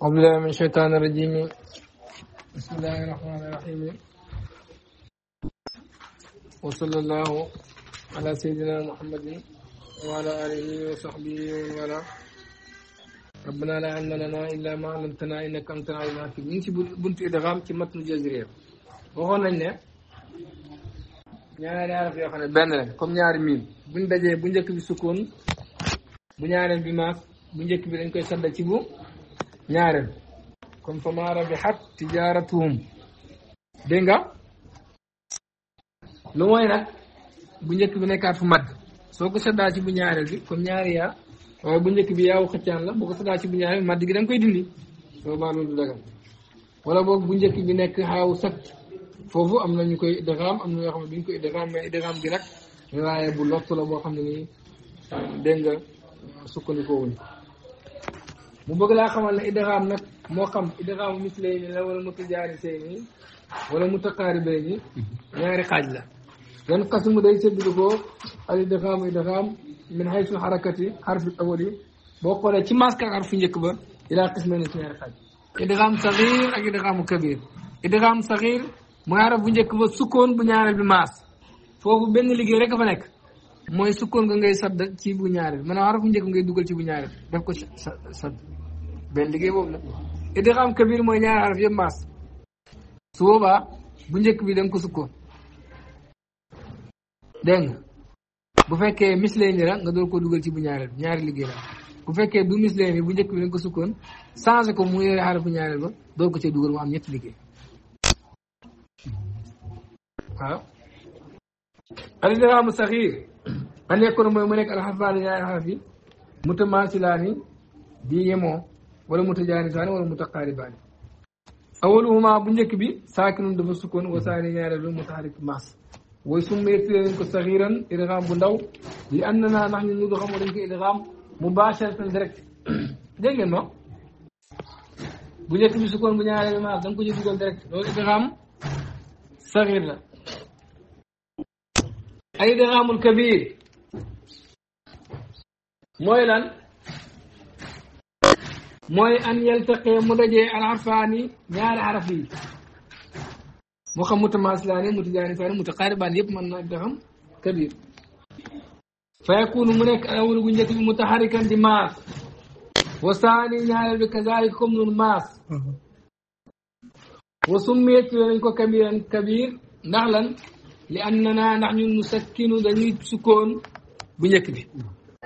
أعوذ بالله من الشيطان الرجيم بسم الله الرحمن الرحيم وصلى الله على سيدنا محمد وعلى آله وصحبه ومن والاه ربنا لا علم لنا إلا ما علمتنا إنك أنت العليم الحكيم ñu ngi ci buntu idgham ci matnu jazriya waxoon nañ ne ñaari araf yoo xam ne benn la comme ñaari miim buñ dajee bu njëkk bi sukkoon bu ñaareel bi maas bu njëkk bi dañ koy sadda ci bu ñaareel kon fa bi rabixat tijaaratuhum dégg nga lu mooy nag bu njëkk bi nekkaat fu màgg soo ko seddaa ci bu ñaareel bi kon ñaari bu njëkk bi yaaw xëccaan la boo ci bu ñaareel gi da koy dindi soo baa loolu dagal wala boog bu njëkk bi nekk xaaw sakt foofu am na ñu koy idgaam am na ñoo xam ne duñ koy idgaam gi nag waaye bu lott la boo xam ne nii dégg nga sukkandikoo wuñ mu bëgg laa xamal ne idgaam nag moo xam idgaamu ni la wala mutajaanisayni wala ni ñaari xaaj la yan qasmu day séddlu ko al idgaamu idgaam min haysu xarakati xarfi awali boo xoolee ci maska ak xarfu njëkk ba ilaa qismayni ci ñaari xaaj idgaam saxiir ak idgaamu kabir idgaam saxiir mu xaraf bu njëkk ba sukkoon bu ñaareel bi maas foofu benn liggéey rek a fa nekk mooy sukkoon nga ngay sadd ci bu ñaareel a xarafu njëkk ngay dugal ci bu ñaareel def ko sa sadd benn liggéey boobu la idgaam kabir mooy ñaari xaraf yëpp maas su boobaa bu njëkk bi da ko sukkoon dégg nga bu fekkee misleen ni la nga doon ko dugal ci bu ñaareel ñaari liggéey la bu fekkee du misleen ni bu njëkk bi da ko sukkoon changé ko mu yore xarafu ñaareel ba dool ko cee dugal mu am ñetti liggéey waaw al idgaamu saxiir an yakkoon mooy mu nekk alxafaani ñaari xaraf yi mutamaasilaani di yemoo wala mutajaanisaani wala mutaqaaribaani awaluhuma bu njëkk bi saakinun dafa sukkoon wa saani ñaareel bi mutaxarik maas way summee tireen ko saxiiran idgaam bu ndaw li ànd naa ndax ñun ñu du xamoo dañ ko idgaam mubaasharatan direct dégg ngeen ma bu njëkk bi sukkoon bu ñaareel bi maas da nga ko ci dugal direct loolu idgaam saxiir la ay idgaamul kabiir موي لان موي ان يلتقي مدجي العرفاني نيار عرفي مو خم متجاني فاني متقاربان يب من نادهم كبير فيكون منك اول غنجتي متحركا دماغ وثاني نيار بكذلك كم الماس وسميت لنكو كبيرا كبير نعلن لاننا نحن نسكن دليل سكون بنيك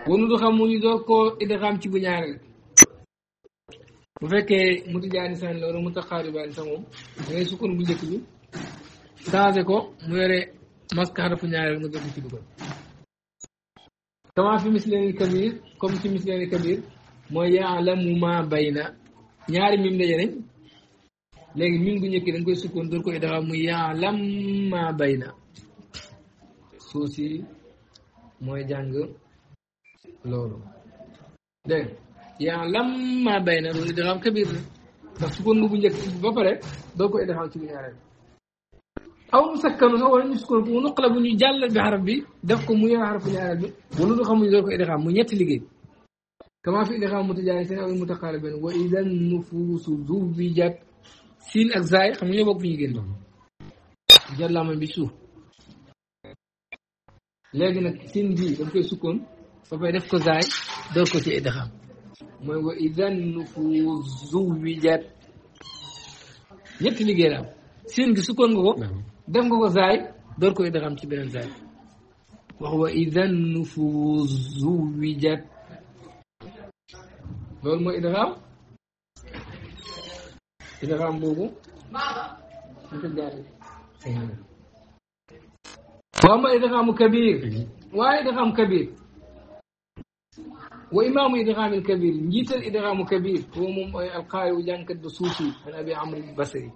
wanu du xam mu ñu ko koo idgaam ci bu ñaareel bu fekkee mutijaani san la wala mutaxaaribaani sa moom dangay sukkoon bu njëkk bi changé ko mu yore maska xarafu ñaareel nga dëgg ci dugal kama fi misleeni kabir comme ci misleeni kabir mooy ma bayna ñaari mim daje nañ léegi mim gu njëkk dañ koy sukkoon door koy dafa muy yaalam ma bayna suusi mooy jàng loolu dégg yaa lam maa bay na loolu kabir la ndax sukkoon bu njëkk ba pare doo ko idgaam ci bu ñaareel aw mu sakkanu sax wala ñu sukkoon ko nuqala bu bi xaraf ko mu yaa xaraf bu ñaareel doo ko idgaam mu ñetti liggéey kama fi idgaam mutajaanisayn aw mutaqaaribayn wa idan nufuusu zuwijat siin ak zaay xam nga ñoo bokk fi ñu génn jàllaama bi suuf léegi nag siin bi dañ koy sukkoon ba koy def ko zaay doo ko ci idgham mooy wa idan nufus zuwijat ñetti liggéey la siin gi sukkoon nga ko def nga ko zaay door ko idgham ci beneen zaay wax wa idan nufus zuwijat loolu mooy idgham idgham boobu waaw ma idgham kabir waaye idgham kabir وإمام إدغام الكبير نجيت الإدغام كبير هو القائل وجان كد سوسي انا أبي عمرو البصري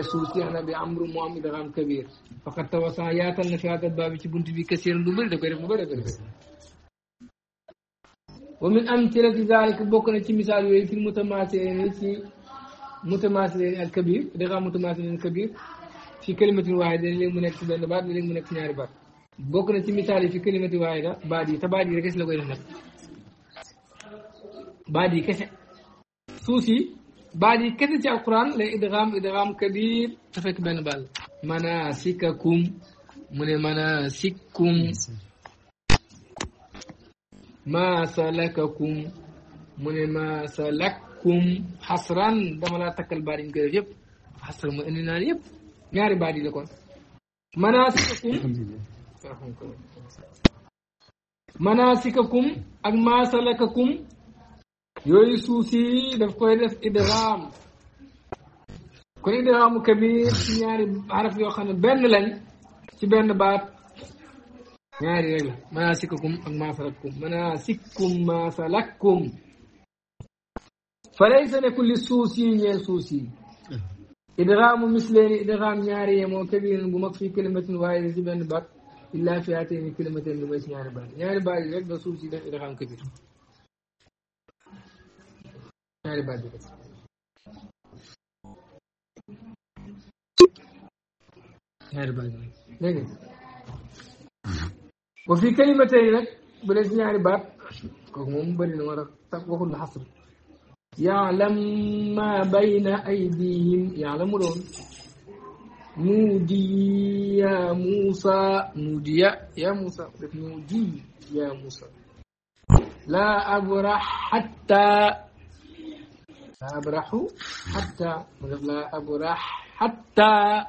سوسي انا أبي عمرو مام إدغام كبير فقد توسع ياتنا في هذا الباب بنت بي كثير دبل دبل دبل ومن أمثلة ذلك بكرة مثال في المتماثلين في متماثلين الكبير إدغام متماثلين الكبير في كلمة واحدة اللي منك في بنبات اللي منك في نار بات بكرة مثال في كلمة واحدة بعد تبادي ركز لغير baat yi kese suuf si baat yi kese ci alquran benn baat la mu ne manasikum ma salakakum mu ne ma salakkum xasran dama laa takkal baat yi ñu mu indi naan yëpp ñaari baat yi yooyu suuf si daf koy def idgham kon idghaamu kabir ci ñaari xaraf yoo xam ne benn lañ ci benn baat ñaari rek la manasikakum ak masalakkum manasikum masalakkum fa laysa ne kulli suus yi ñeel suus yi idghaamu misleeni idgham ñaari yemoo kabirin bu mag fii kalimatin waaye ci benn baat illa fi atayni kalimatin lu may ci ñaari baat ñaari baat yi rek da suuf si def idgham kabir اللي بعده وفي كلمتين لك بلاش نعرف يعني باب كمون برين ورق تقوه اللي حصل يعلم ما بين أيديهم يعلمون مودي يا موسى مودي يا موسى مودي يا موسى لا أبرح حتى فأبرح حتى أبرح حتى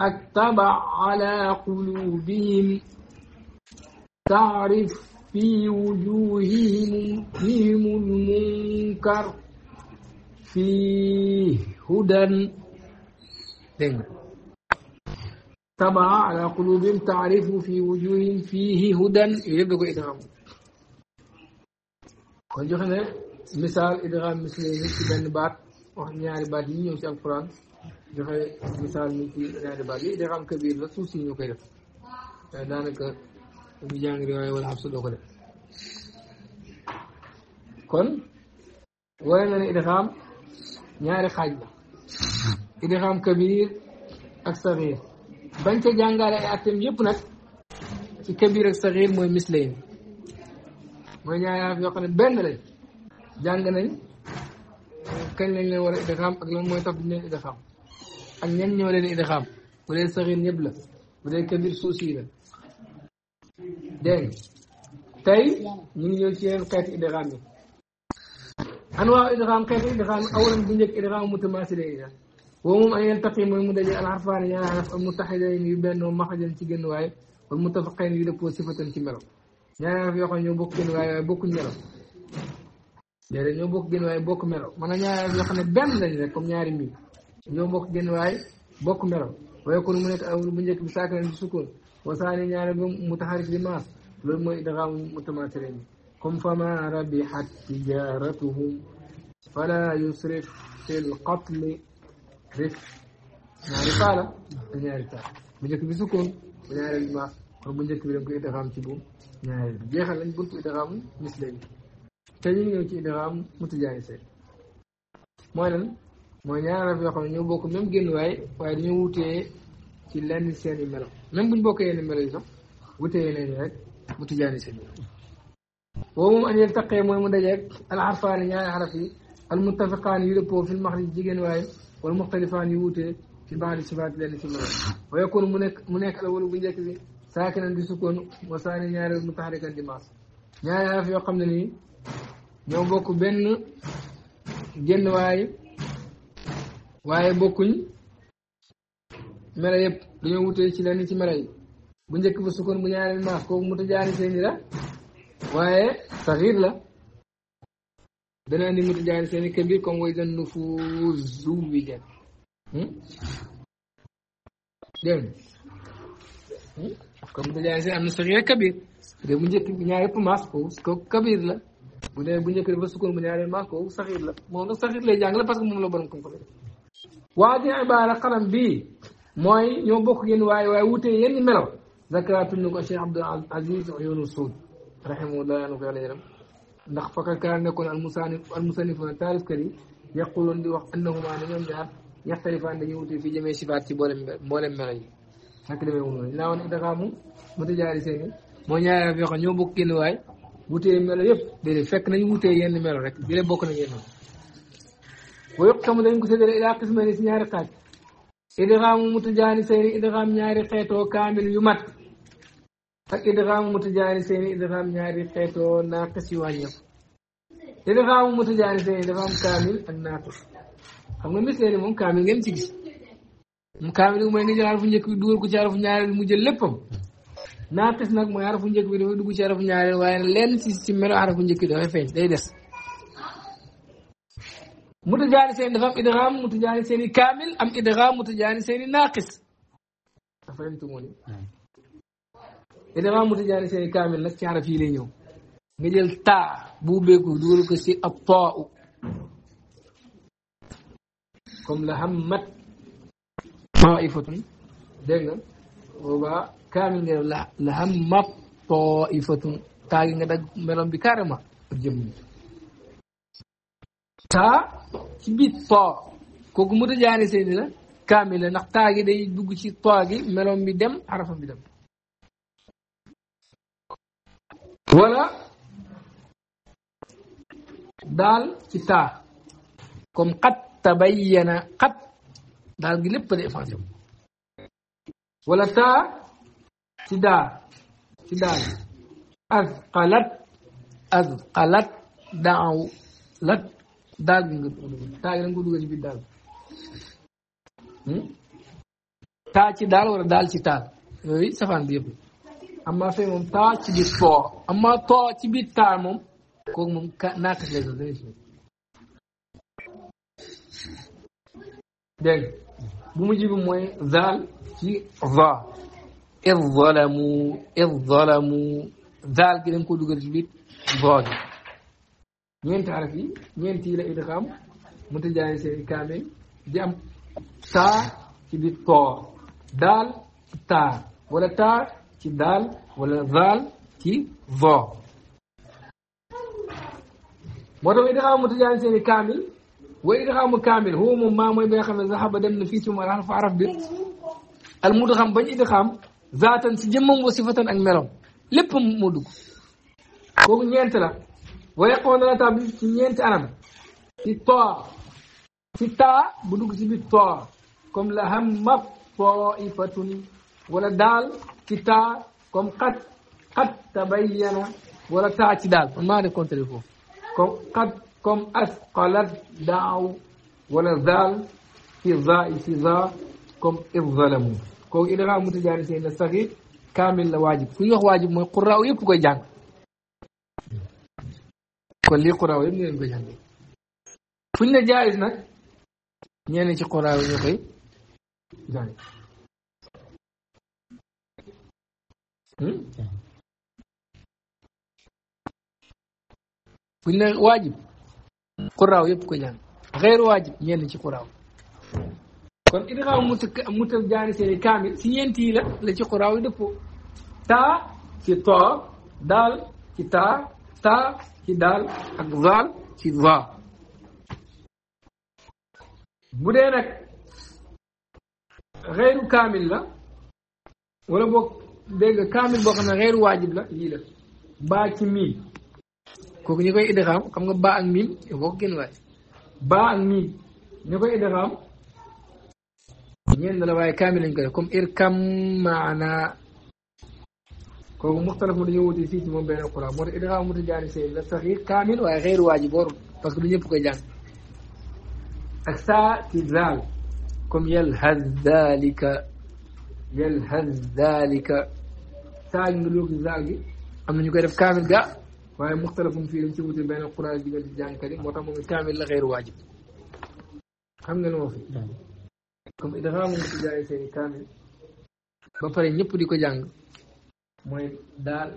أتبع على قلوبهم تعرف في وجوههم فيهم المنكر في هدى طبعا على قلوبهم تعرف في وجوههم فيه هدى يبقى إدعام كون جوخنا misaal idgham mislayni ci benn baat wax ñaari baat yi ñëw ci alquran joxe misaal yi idgham kabir la ñu koy def euh, waaye ko def kon wara na ne idgham ñaari xaaj la idgham kabir ak saxiir bañ ca jàngale ay attem yëpp nag ci kabir ak saxiir mooy mislayni mooy ñaari xaraf ne benn lañ jàng nañ kañ lañ leen war a idgaam ak lan mooy tax duñ leen idgaam ak ñen ñoo leen idgaam bu dee saxiir ñëpp la bu dee kabir suus yi la dégg tey ñu ngi ñëw ci yeneen xeeti idgaam yi an waaw idgaam xeeti idgaam awalan bu njëkk idgaam mutamaasile ida woo moom an yeltaqi mooy mu daje al harfaani ñaari harf al mutaxidayn yu bennoo maxajan ci génn waay wal mutafaqayn yu dëppoo sifatan ci melo ñaari harf yoo xam ñoo bokk génn waay waaye bokkuñ melo léeg-léeg ñoo bokk génn waay bokk melo mën a ñaar yoo xam ne benn lañ rek comme ñaari mii ñoo bokk génn waay bokk melo waaye kon mu nekk awul bu njëkk bi saakaran bi sukkoon wasaani ñaare ba mu taxarik di maas loolu mooy daxaam mutamaatirin bi comme fama rabihat tijaratuhum fala yusrif fil qatli rif ñaari faala a ñaari taal bu njëkk bi sukkoon bu ñaareel bi maas kon bu njëkk bi dañ koy daxaam ci bu ñaareel bi jeexal lañ buntu daxaamu mis léegi te ñu ñëw ci dafa am mutajaanise mooy lan mooy ñaari araf yoo xam ne ñoo bokk même génn waay waaye dañoo wutee ci lenn seen i melo même buñ bokkee yenn melo yi sax wutee nañu rek mutajaanise bi boobu moom an yeltaqee mooy mu dajeeg al arfaani ñaari araf yi al muttafiqaan yu dëppoo fil maxrij jigéen waay wala muxtalifaan yu wutee ci baax di sifaat lenn ci melo wa yakun mu nekk mu nekk alawalu bu njëkk bi saakinan di sukkoon wa saani ñaareel mutaxarikan di maas ñaari araf yoo xam ne nii ñoo bokk benn génn waay waaye bokkuñ mela yëpp dañoo wutee ci lenn ci mela yi bu njëkk ba sukkoon bu ñaareel maas kooku mu tajaani seeni la waaye saxiir la dana ni mu tajaani seeni kabir comme way dan nufuus zuwijat hmm? dégg comme mu tajaani seen am na saxiir kabir de bu njëkk ñaar yëpp maas kooku kabir la bu bu njëkk dafa sukkoon bu ñaareel maa ko saxiir la moom nag saxiir lay jàng la parce que moom la borom xam-xam waa di ibaara xalam bii mooy ñoo bokk yéen waaye waaye wutee yenn melaw zakaratul ni ko Cheikh Abdul Aziz yoonu suud rahimahullah yaa ko yàlla yaram ndax faka kaar nekkoon al musanif al musanif na taarifkat yi yaquloon di wax annahuma ne ñoom ñaar yaxtalifaan dañuy wutee fii jëmee sifaat ci boolem mboolem yi fekk demee wu noonu dinaa woon idgaamu mutajaariseen yi moo ñoo bokk yéen waaye wutee melo yëpp déedéet fekk nañu wutee yenn melo rek bi bokk na yenn boo yokk tamu dañ ko séddale ilaa qismayni si ñaari xaaj idghaamu mutajaanisayni idghaam ñaari xeetoo kaamil yu mat ak idghaamu mutajaanisayni idghaam ñaari xeetoo naaqis yu wàññeeku idghaamu mutajaanisayni dafa am kaamil ak naaqis xam nga mis leeni moom kaamil ngeen ci gis mu kaamil bu may ni jaar fu njëkk dugal ko ci arfu ñaareel mu jël léppam naaqis nag mooy arafu njëkk bi dafay dugg ci arafu ñaareel waaye leen ci ci a arafu njëkk bi dafay day des mutajaani seen dafa am idgaam mutajaani seen i kaamil am idgaam mutajaani seen i naaqis afahimtumoo ni seen i kaamil nag ci araf yi lay ñëw nga jël taa bu ubbeeku dugal ko si ab taa'u comme la hammat taifatun dégg nga boobaa kaamil nga def la la ham map taifatun nga dagg melam bi carrément jëm taa ci biir too kooku mu tajaani seeni la kaamil la ndax taa gi day dugg ci too gi meloom bi dem xarafam bi dem wala daal ci taa comme xat tabayyana xat daal gi lépp a dee wala taa ci daa ci daal azqalat azqalat lat daal bi nga taa gi da nga ko dugal ci biir daal hmm? ci daal wala daal ci taal yooyu safaan bi amma fee moom taa ci biir too amma too ci biir taal moom kooku moom ka naata lay doon dana fi dégg bu mujj bi mooy zaal ci va إذ ظلموا إذ ظلموا ذال كده نكون دوغل جبيت بعد مين تعرفي مين تيلا إدغام متجاهي سيري كامل ديام تا تبي تو دال تا ولا تا تي دال ولا ذال تي ظا مودو إدغام متجاهي سيري كامل وإدغام كامل هو مما مي بيخمز ذهب دمنا فيه ثم رحل فعرف بيت المدغم بني إدغام ذاتن سي جيمم وصفتن اك ميلوم لب مو دوغ كوغ نينت لا ويقون لا تاب سي نينت انام سي تو سي تا بو دوغ سي بي تو كوم لا هم مفائفتن ولا دال كي تا كوم قد قد تبين ولا تا سي ما ني كونتري فوف كوم قد كوم اسقلت داو ولا ذال في ذا في ذا كوم اظلموا kooku ilal mutajaani seen la sax yi la waajib fu ñuy wax mooy quraaw yëpp koy jàng kon lii quraaw yëpp ñu koy jàng hmm? fu ñu la jaayis nag ci quraaw yi ñoo koy jàng fu ñu la ci quraaw kon idgham muta jaanisayni kaamil si ñeenti yi la la ci xuraaw yi dëppoo taa ci too daal ci taa taa ci daal ak zaal ci zaa bu dee nag xeeru kaamil la wala boog dégg nga kaamil boo xam ne xeeru waajib la lii la baa ci miim kooku ñu koy idgham xam nga baa ak miim baa ak miim ñu koy idgham نين لا واي كامل ان كم اير كم معنا كو مختلف مدي ودي في مو بين القران مود ادغا مود جاري سي لا صغير كامل واي غير واجب بور باسكو نييب كاي جان اك سا تي زال كم يل هذ ذلك يل هذ ذلك تاج نلوك زالي ام نيو كاي داف كامل غا واي مختلف في لم تي بين القران ديغا دي جان كاري موتا مو كامل لا غير واجب خمنا نوفي comme dafa amoon ci seeni kaamil ba pare ñëpp di ko jàng mooy daal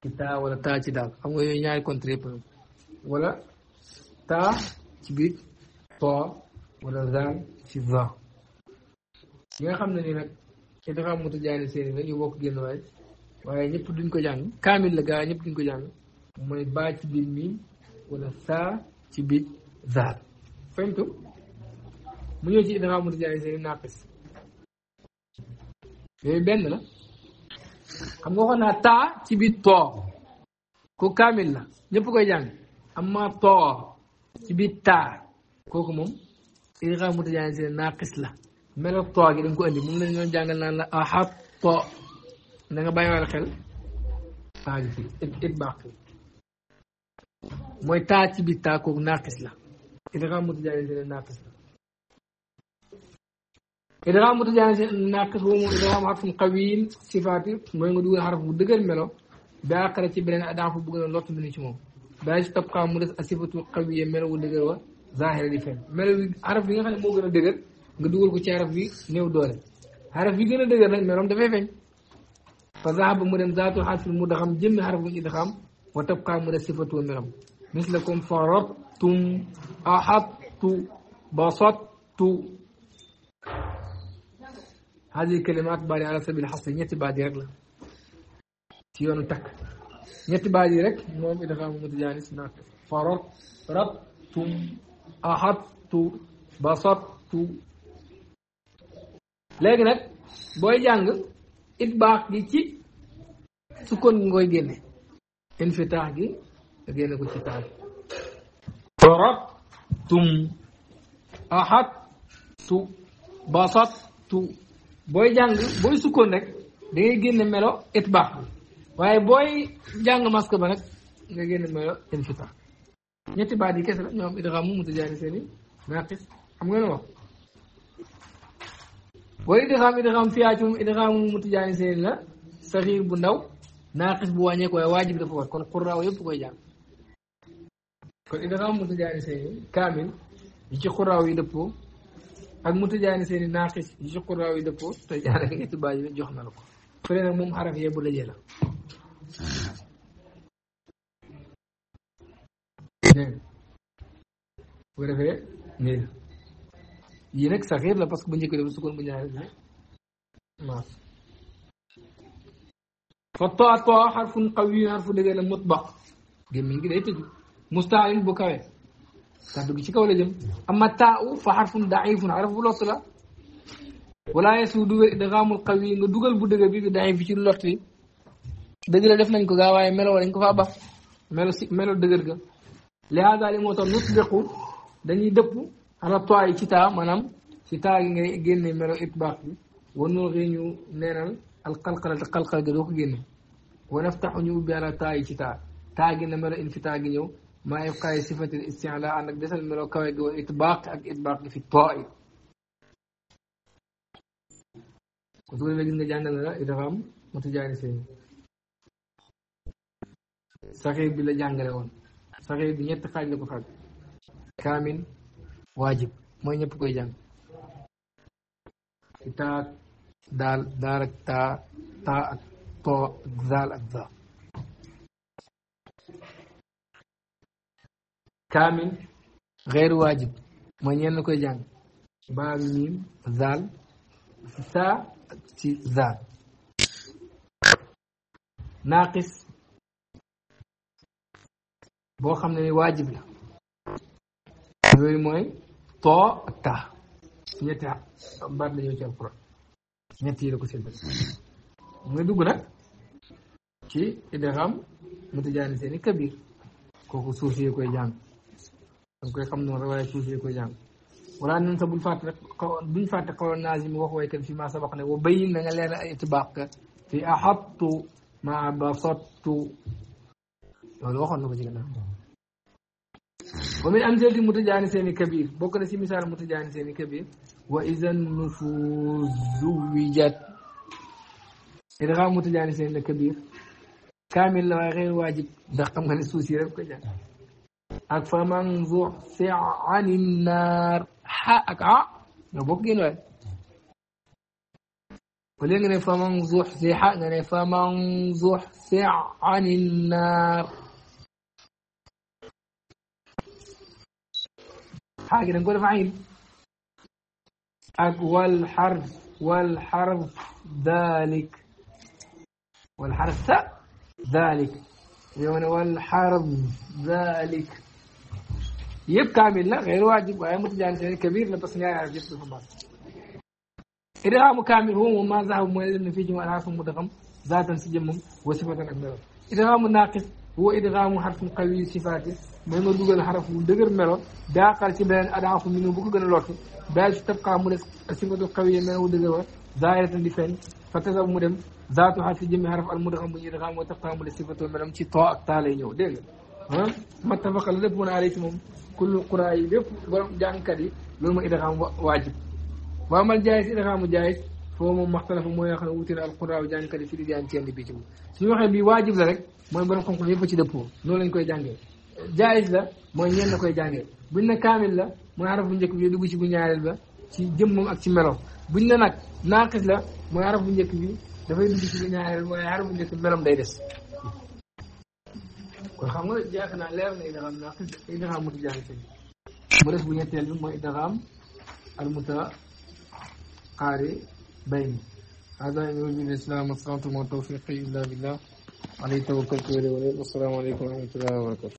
ci taa wala taa ci daal xam nga yooyu ñaari contre yëpp wala taa ci biir too wala zaal ci za yi nga xam ne ni nag ci dafa am mutajaani seeni la ñu bokk génn waay waaye ñëpp duñ ko jàng kaamil la gaa ñëpp duñ ko jàng mooy baa ci biir miim wala saa ci biir zaal fentu mu ñëw ci idgham mutajaanisayni naaqis yooyu benn la xam nga waxoon naa taa ci biir too ku kaamil la ñëpp koy jàng amma too ci biir taa kooku moom idgham mutajaanisayni naaqis la melo too gi da nga ko andi la ñoo jàngal naan la ahat too da nga bàyyiwaale xel mooy taa ci biir taa kooku naaqis la idgham mutajaanisayni naaqis la idraam bu tajaani naaqis boobu moom idraam xarfum qawiil sifaati mooy nga dugal xaraf bu dëgër melo bi àqara ci beneen adaafu bu a lott dina ci moom a si tabqaa mu des asifatu qawiya melo wu dëgër wa zaahira di fenn melo bi xaraf bi nga xam ne moo gën a dëgër nga dugal ko ci xaraf bi néew doole xaraf yi gën a dëgër nag meloom dafay feeñ fa zahaba mu dem zaatul xarfil mudgaam jëmmi xaraf bu ñu idgaam wa tabqaa mu des hadi kalimaat baat yi ala sabil ñetti baat rek la ci yoonu takk ñetti baat yi rek moom idgham mutajaanis naat farat rabtum axadtu basattu léegi nag booy jàng it baax gi ci sukkoon gi ngoy booy jàng booy sukkoon rek da génne melo ba waaye booy jàng masque ba nag nga génne melo infitar ñetti baat yi kes la ñoo am xam nga ne wax booy idgham idgham fiyaa ci mu mutajaani seeni la saxiir bu ndaw naaqis bu wàññeeku waaye waajib dafa war kon xuraaw yëpp koy jàng kon idgham mu mutajaani seeni kaamil yi ci xuraaw yi dëppoo ak mu tëjaani seen i naaqis yi ci xuraaw yi dëppoo te jaaree bi jox na la ko fële nag moom xaraf yee bu dajee la. dégg bu defee nii yii nag saxiir la parce que bu njëkk dafa sukkoon bu ñaareel ne maas fa too too xarfun xaw yi xarfu la mutbaq gémmiñ gi day bu kawe. kàddu bi ci kaw la jëm amma taaw fa xarfun daifun xaraf bu lott la wala yesu du wér idgaamul nga dugal bu dëgg bi bi daif bi ci lott yi def nañ ko gaa waaye melo dañ ko faa ba melo si melo dëgër ga li hada li moo tax nutbiqu dañuy dëpp ala toy ci taa maanaam ci taa gi ngay génne melo itbaq bi wanul xi ñu neenal alxalxala te xalxal ga doo ko génne wa naftaxu ñu ubbi ala taa yi ci taa taa na melo in fi taa gi maa ibqaay sifatil isti'la ànd ak desal meloo kawe gi wa itbaaq ak itbaaq gi fi tooy kon su ko gis nga jàngal la i dafa am mutajaani seen saxiir bi la jàngale woon saxiir bi ñett xaaj la ko xaaj kaamin waajib mooy ñëpp koy jàng taa daal daar ak taa taa ak too ak ak za kaamil xeeru waajib mooy ñenn koy jàng ba miim zaal saa zaal naaqis boo xam ne ni waajib la yooyu mooy too ak taa ñetti baat la ñëw ci alquran ñetti yi la ko séddal muy dugg nag ci idgham mutajaanisiin kabir kooku suuf yi koy jàng parce que xam noonu waaye suuf koy jàng wala nan sa bul fàtte rek buñ fàtte xawoon naazim wax waykat fi maa sabax ne wa bayin na nga leer ay itibaq fi axattu ma basattu loolu waxoon na ko ci gannaaw wa min amsalati mutajaani seeni kabir bokk na si misaal mutajaani seeni kabir wa idan nufuus zuwijat idgham mutajaani seeni kabir kaamil la waaye xëy waajib ndax xam nga ne suuf si rek ko jàng أفمن زحزح عن النار حقك ها آه، نبوكين وين ولين غني فمن زحزح غني فمن زحزح عن النار حاجة نقول فعين أك والحرف والحرف ذلك والحرف ذلك والحرف ذلك يبقى منا غير واجب وهي متجانس يعني كبير لبس نهاية على جسد فبات إذا مكامل هو وما ذهب مؤلم في جمع الحرف المدغم ذاتا سجمم وصفة أكبر إذا ناقص هو إذا حرف قوي صفاته من دوغ الحرف ودغر ملو داخل في بين أداء منه بكو غن لوت باش تبقى مدس صفة قوية من ودغر ظاهرة لفين فتذب مدم ذات حرف جمع الحرف المدغم من إذا غام وتبقى مدس صفة ملم تي طاء تالي نيو دي ah mattafaqa la lépp mën a aale ci moom kullu quraa yi lépp borom jàngkat yi loolu mooy idgaam waajib waaw man jaayis idgaamu jaayis foofu moom maxtalafa mooy nga xam ne wuute na al quraa jàngkat yi fi di jaan ceeb bi ci moom suñu waxee bii waajib la rek mooy borom xam-xam yëpp ci dëppoo noonu lañ koy jàngee jaayis la mooy ñeen na koy jàngee buñ ne kaamil la mooy xaraf bu njëkk bi dugg ñaareel ba ci jëmmam ak ci melo buñ ne nag naaqis la mooy xaraf bu njëkk bi dafay dugg ci bu ñaareel mooy xaraf bu njëkk melam day des xam nga jaaxle naa leer na idgaam ndax idgaam mu jaay tey mu def bu ñetteel bi mooy idgaam al mutaqaari bayni هذا يريد الإسلام والصلاة والتوفيق إلا بالله عليه توكلت وإليه والسلام عليكم ورحمة الله وبركاته